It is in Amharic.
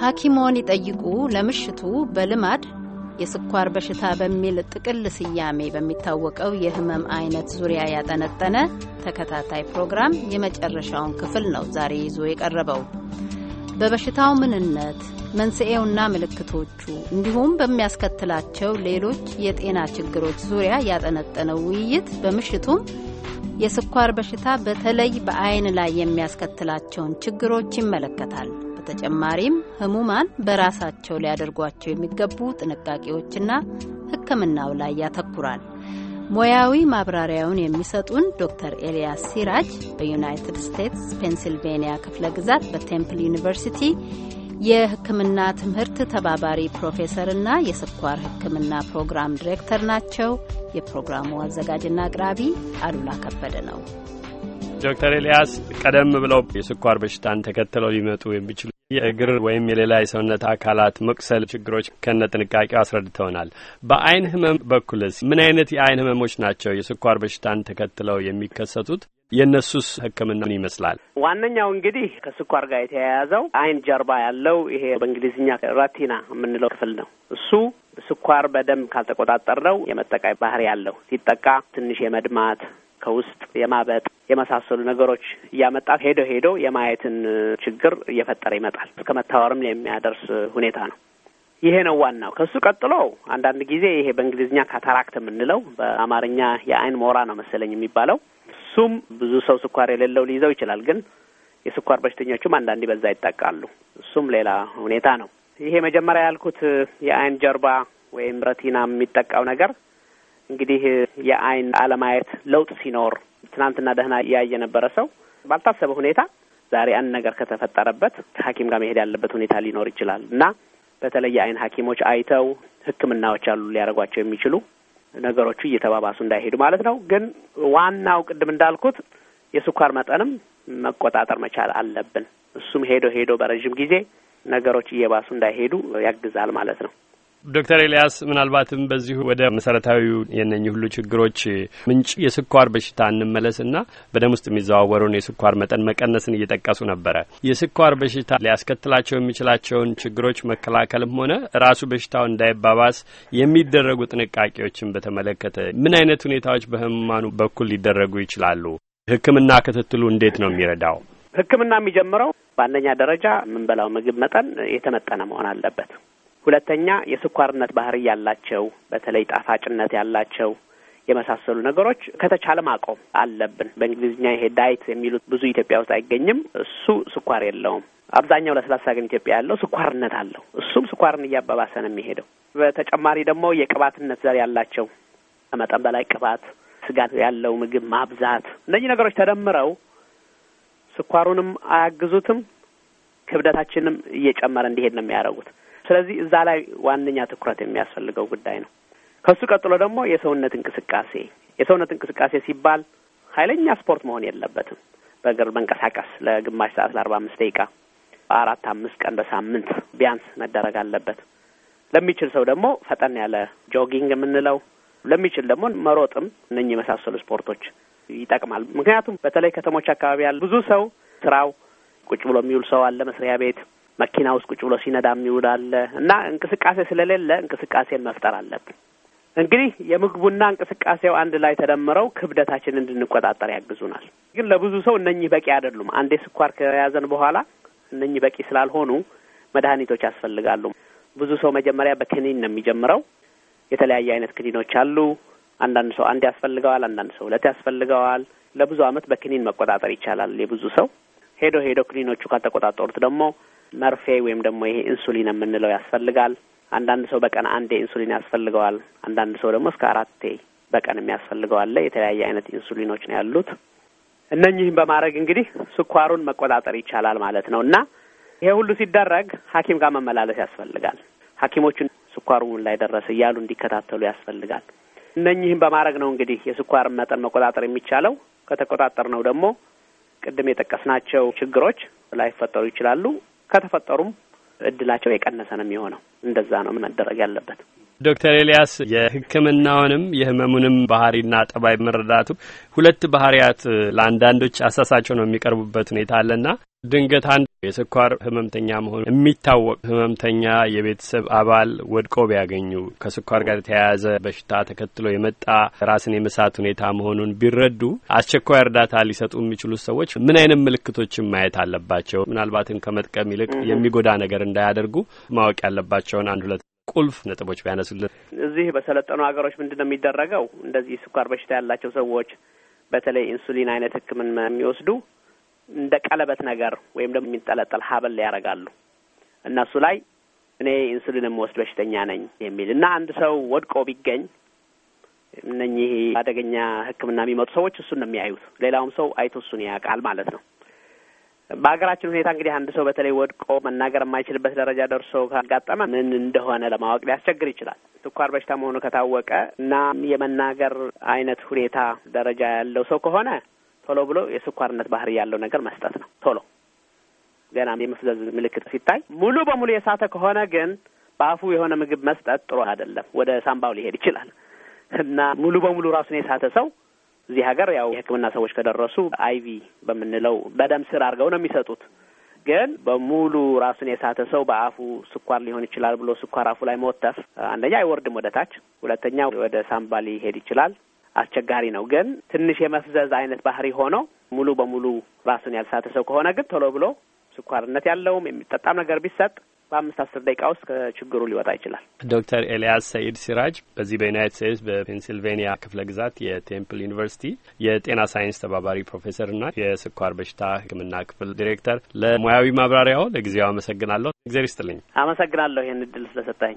ሐኪሞን ይጠይቁ ለምሽቱ በልማድ የስኳር በሽታ በሚል ጥቅል ስያሜ በሚታወቀው የህመም አይነት ዙሪያ ያጠነጠነ ተከታታይ ፕሮግራም የመጨረሻውን ክፍል ነው ዛሬ ይዞ የቀረበው። በበሽታው ምንነት፣ መንስኤውና ምልክቶቹ እንዲሁም በሚያስከትላቸው ሌሎች የጤና ችግሮች ዙሪያ ያጠነጠነው ውይይት በምሽቱም የስኳር በሽታ በተለይ በአይን ላይ የሚያስከትላቸውን ችግሮች ይመለከታል። በተጨማሪም ህሙማን በራሳቸው ሊያደርጓቸው የሚገቡ ጥንቃቄዎችና ሕክምናው ላይ ያተኩራል። ሙያዊ ማብራሪያውን የሚሰጡን ዶክተር ኤልያስ ሲራጅ በዩናይትድ ስቴትስ ፔንሲልቬንያ ክፍለ ግዛት በቴምፕል ዩኒቨርሲቲ የሕክምና ትምህርት ተባባሪ ፕሮፌሰርና የስኳር ሕክምና ፕሮግራም ዲሬክተር ናቸው። የፕሮግራሙ አዘጋጅና አቅራቢ አሉላ ከበደ ነው። ዶክተር ኤልያስ ቀደም ብለው የስኳር በሽታን ተከትለው ሊመጡ የሚችሉ የእግር ወይም የሌላ የሰውነት አካላት መቁሰል ችግሮች ከነ ጥንቃቄው አስረድተውናል። በአይን ህመም በኩልስ ምን አይነት የአይን ህመሞች ናቸው የስኳር በሽታን ተከትለው የሚከሰቱት? የእነሱስ ህክምና ምን ይመስላል? ዋነኛው እንግዲህ ከስኳር ጋር የተያያዘው አይን ጀርባ ያለው ይሄ በእንግሊዝኛ ረቲና የምንለው ክፍል ነው። እሱ ስኳር በደንብ ካልተቆጣጠር ነው የመጠቃይ ባህሪ ያለው ሲጠቃ ትንሽ የመድማት ከውስጥ የማበጥ የመሳሰሉ ነገሮች እያመጣ ሄዶ ሄዶ የማየትን ችግር እየፈጠረ ይመጣል። እስከ መታወርም የሚያደርስ ሁኔታ ነው። ይሄ ነው ዋናው። ከሱ ቀጥሎ አንዳንድ ጊዜ ይሄ በእንግሊዝኛ ካታራክት የምንለው በአማርኛ የአይን ሞራ ነው መሰለኝ የሚባለው እሱም ብዙ ሰው ስኳር የሌለው ሊይዘው ይችላል። ግን የስኳር በሽተኞቹም አንዳንዴ በዛ ይጠቃሉ። እሱም ሌላ ሁኔታ ነው። ይሄ መጀመሪያ ያልኩት የአይን ጀርባ ወይም ረቲና የሚጠቃው ነገር እንግዲህ የአይን አለማየት ለውጥ ሲኖር ትናንትና ደህና እያየ የነበረ ሰው ባልታሰበ ሁኔታ ዛሬ አንድ ነገር ከተፈጠረበት ከሐኪም ጋር መሄድ ያለበት ሁኔታ ሊኖር ይችላል እና በተለይ የአይን ሐኪሞች አይተው ሕክምናዎች አሉ ሊያደርጓቸው የሚችሉ ነገሮቹ እየተባባሱ እንዳይሄዱ ማለት ነው። ግን ዋናው ቅድም እንዳልኩት የስኳር መጠንም መቆጣጠር መቻል አለብን። እሱም ሄዶ ሄዶ በረዥም ጊዜ ነገሮች እየባሱ እንዳይሄዱ ያግዛል ማለት ነው። ዶክተር ኤልያስ ምናልባትም በዚሁ ወደ መሰረታዊው የነኝ ሁሉ ችግሮች ምንጭ የስኳር በሽታ እንመለስና በደም ውስጥ የሚዘዋወረውን የስኳር መጠን መቀነስን እየጠቀሱ ነበረ። የስኳር በሽታ ሊያስከትላቸው የሚችላቸውን ችግሮች መከላከልም ሆነ ራሱ በሽታው እንዳይባባስ የሚደረጉ ጥንቃቄዎችን በተመለከተ ምን አይነት ሁኔታዎች በህመማኑ በኩል ሊደረጉ ይችላሉ? ሕክምና ክትትሉ እንዴት ነው የሚረዳው? ሕክምና የሚጀምረው በአንደኛ ደረጃ የምንበላው ምግብ መጠን የተመጠነ መሆን አለበት። ሁለተኛ የስኳርነት ባህሪ ያላቸው በተለይ ጣፋጭነት ያላቸው የመሳሰሉ ነገሮች ከተቻለ ማቆም አለብን። በእንግሊዝኛ ይሄ ዳይት የሚሉት ብዙ ኢትዮጵያ ውስጥ አይገኝም። እሱ ስኳር የለውም። አብዛኛው ለስላሳ ግን ኢትዮጵያ ያለው ስኳርነት አለው። እሱም ስኳርን እያባባሰ ነው የሚሄደው። በተጨማሪ ደግሞ የቅባትነት ዘር ያላቸው ከመጠን በላይ ቅባት፣ ስጋ ያለው ምግብ ማብዛት፣ እነዚህ ነገሮች ተደምረው ስኳሩንም አያግዙትም፣ ክብደታችንም እየጨመረ እንዲሄድ ነው የሚያደርጉት። ስለዚህ እዛ ላይ ዋነኛ ትኩረት የሚያስፈልገው ጉዳይ ነው። ከሱ ቀጥሎ ደግሞ የሰውነት እንቅስቃሴ የሰውነት እንቅስቃሴ ሲባል ኃይለኛ ስፖርት መሆን የለበትም። በእግር መንቀሳቀስ ለግማሽ ሰዓት ለአርባ አምስት ደቂቃ አራት አምስት ቀን በሳምንት ቢያንስ መደረግ አለበት። ለሚችል ሰው ደግሞ ፈጠን ያለ ጆጊንግ የምንለው ለሚችል ደግሞ መሮጥም፣ እነኚህ የመሳሰሉ ስፖርቶች ይጠቅማል። ምክንያቱም በተለይ ከተሞች አካባቢ ያሉ ብዙ ሰው ስራው ቁጭ ብሎ የሚውል ሰው አለ መስሪያ ቤት መኪና ውስጥ ቁጭ ብሎ ሲነዳ የሚውላለ እና እንቅስቃሴ ስለሌለ እንቅስቃሴን መፍጠር አለብን። እንግዲህ የምግቡና እንቅስቃሴው አንድ ላይ ተደምረው ክብደታችንን እንድንቆጣጠር ያግዙናል። ግን ለብዙ ሰው እነኚህ በቂ አይደሉም። አንዴ ስኳር ከያዘን በኋላ እነኚህ በቂ ስላልሆኑ መድኃኒቶች ያስፈልጋሉ። ብዙ ሰው መጀመሪያ በክኒን ነው የሚጀምረው። የተለያየ አይነት ክኒኖች አሉ። አንዳንድ ሰው አንድ ያስፈልገዋል፣ አንዳንድ ሰው ሁለት ያስፈልገዋል። ለብዙ ዓመት በክኒን መቆጣጠር ይቻላል። የብዙ ሰው ሄዶ ሄዶ ክኒኖቹ ካልተቆጣጠሩት ደግሞ መርፌ ወይም ደግሞ ይሄ ኢንሱሊን የምንለው ያስፈልጋል። አንዳንድ ሰው በቀን አንዴ ኢንሱሊን ያስፈልገዋል። አንዳንድ ሰው ደግሞ እስከ አራቴ በቀን የሚያስፈልገዋለ የተለያየ አይነት ኢንሱሊኖች ነው ያሉት። እነኚህም በማድረግ እንግዲህ ስኳሩን መቆጣጠር ይቻላል ማለት ነው እና ይሄ ሁሉ ሲደረግ ሐኪም ጋር መመላለስ ያስፈልጋል። ሐኪሞቹን ስኳሩ ምን ላይ ደረሰ እያሉ እንዲከታተሉ ያስፈልጋል። እነኚህም በማድረግ ነው እንግዲህ የስኳርን መጠን መቆጣጠር የሚቻለው። ከተቆጣጠር ነው ደግሞ ቅድም የጠቀስናቸው ችግሮች ላይፈጠሩ ይችላሉ። ከተፈጠሩም እድላቸው የቀነሰ ነው የሚሆነው። እንደዛ ነው ምን አደረግ ያለበት። ዶክተር ኤልያስ የሕክምናውንም የህመሙንም ባህሪና ጠባይ መረዳቱ ሁለት ባህሪያት ለአንዳንዶች አሳሳቸው ነው የሚቀርቡበት ሁኔታ አለና ድንገት አንድ የስኳር ህመምተኛ መሆኑ የሚታወቅ ህመምተኛ የቤተሰብ አባል ወድቆ ቢያገኙ ከስኳር ጋር የተያያዘ በሽታ ተከትሎ የመጣ ራስን የመሳት ሁኔታ መሆኑን ቢረዱ አስቸኳይ እርዳታ ሊሰጡ የሚችሉ ሰዎች ምን አይነት ምልክቶችን ማየት አለባቸው? ምናልባትም ከመጥቀም ይልቅ የሚጎዳ ነገር እንዳያደርጉ ማወቅ ያለባቸውን አንድ ሁለት ቁልፍ ነጥቦች ቢያነሱልን። እዚህ በሰለጠኑ ሀገሮች ምንድን ነው የሚደረገው? እንደዚህ ስኳር በሽታ ያላቸው ሰዎች በተለይ ኢንሱሊን አይነት ህክምና የሚወስዱ እንደ ቀለበት ነገር ወይም ደግሞ የሚንጠለጠል ሀብል ያደርጋሉ። እነሱ ላይ እኔ ኢንሱሊን የምወስድ በሽተኛ ነኝ የሚል እና አንድ ሰው ወድቆ ቢገኝ እነኚህ አደገኛ ህክምና የሚመጡ ሰዎች እሱን ነው የሚያዩት። ሌላውም ሰው አይቶ እሱን ያውቃል ማለት ነው። በሀገራችን ሁኔታ እንግዲህ አንድ ሰው በተለይ ወድቆ መናገር የማይችልበት ደረጃ ደርሶ ካጋጠመ ምን እንደሆነ ለማወቅ ሊያስቸግር ይችላል። ስኳር በሽታ መሆኑ ከታወቀ እና የመናገር አይነት ሁኔታ ደረጃ ያለው ሰው ከሆነ ቶሎ ብሎ የስኳርነት ባህሪ ያለው ነገር መስጠት ነው። ቶሎ ገና የመፍዘዝ ምልክት ሲታይ፣ ሙሉ በሙሉ የሳተ ከሆነ ግን በአፉ የሆነ ምግብ መስጠት ጥሩ አይደለም። ወደ ሳምባው ሊሄድ ይችላል እና ሙሉ በሙሉ ራሱን የሳተ ሰው እዚህ ሀገር ያው የሕክምና ሰዎች ከደረሱ አይቪ በምንለው በደም ስር አድርገው ነው የሚሰጡት። ግን በሙሉ ራሱን የሳተ ሰው በአፉ ስኳር ሊሆን ይችላል ብሎ ስኳር አፉ ላይ መወተፍ አንደኛ አይወርድም ወደ ታች፣ ሁለተኛ ወደ ሳምባ ሊሄድ ይችላል። አስቸጋሪ ነው። ግን ትንሽ የመፍዘዝ አይነት ባህሪ ሆኖ ሙሉ በሙሉ ራሱን ያልሳተ ሰው ከሆነ ግን ቶሎ ብሎ ስኳርነት ያለውም የሚጠጣም ነገር ቢሰጥ በአምስት አስር ደቂቃ ውስጥ ከችግሩ ሊወጣ ይችላል። ዶክተር ኤልያስ ሰኢድ ሲራጅ በዚህ በዩናይት ስቴትስ በፔንሲልቬኒያ ክፍለ ግዛት የቴምፕል ዩኒቨርሲቲ የጤና ሳይንስ ተባባሪ ፕሮፌሰር እና የስኳር በሽታ ሕክምና ክፍል ዲሬክተር፣ ለሙያዊ ማብራሪያው ለጊዜው አመሰግናለሁ። እግዜር ይስጥልኝ። አመሰግናለሁ ይህን እድል ስለሰጠኝ።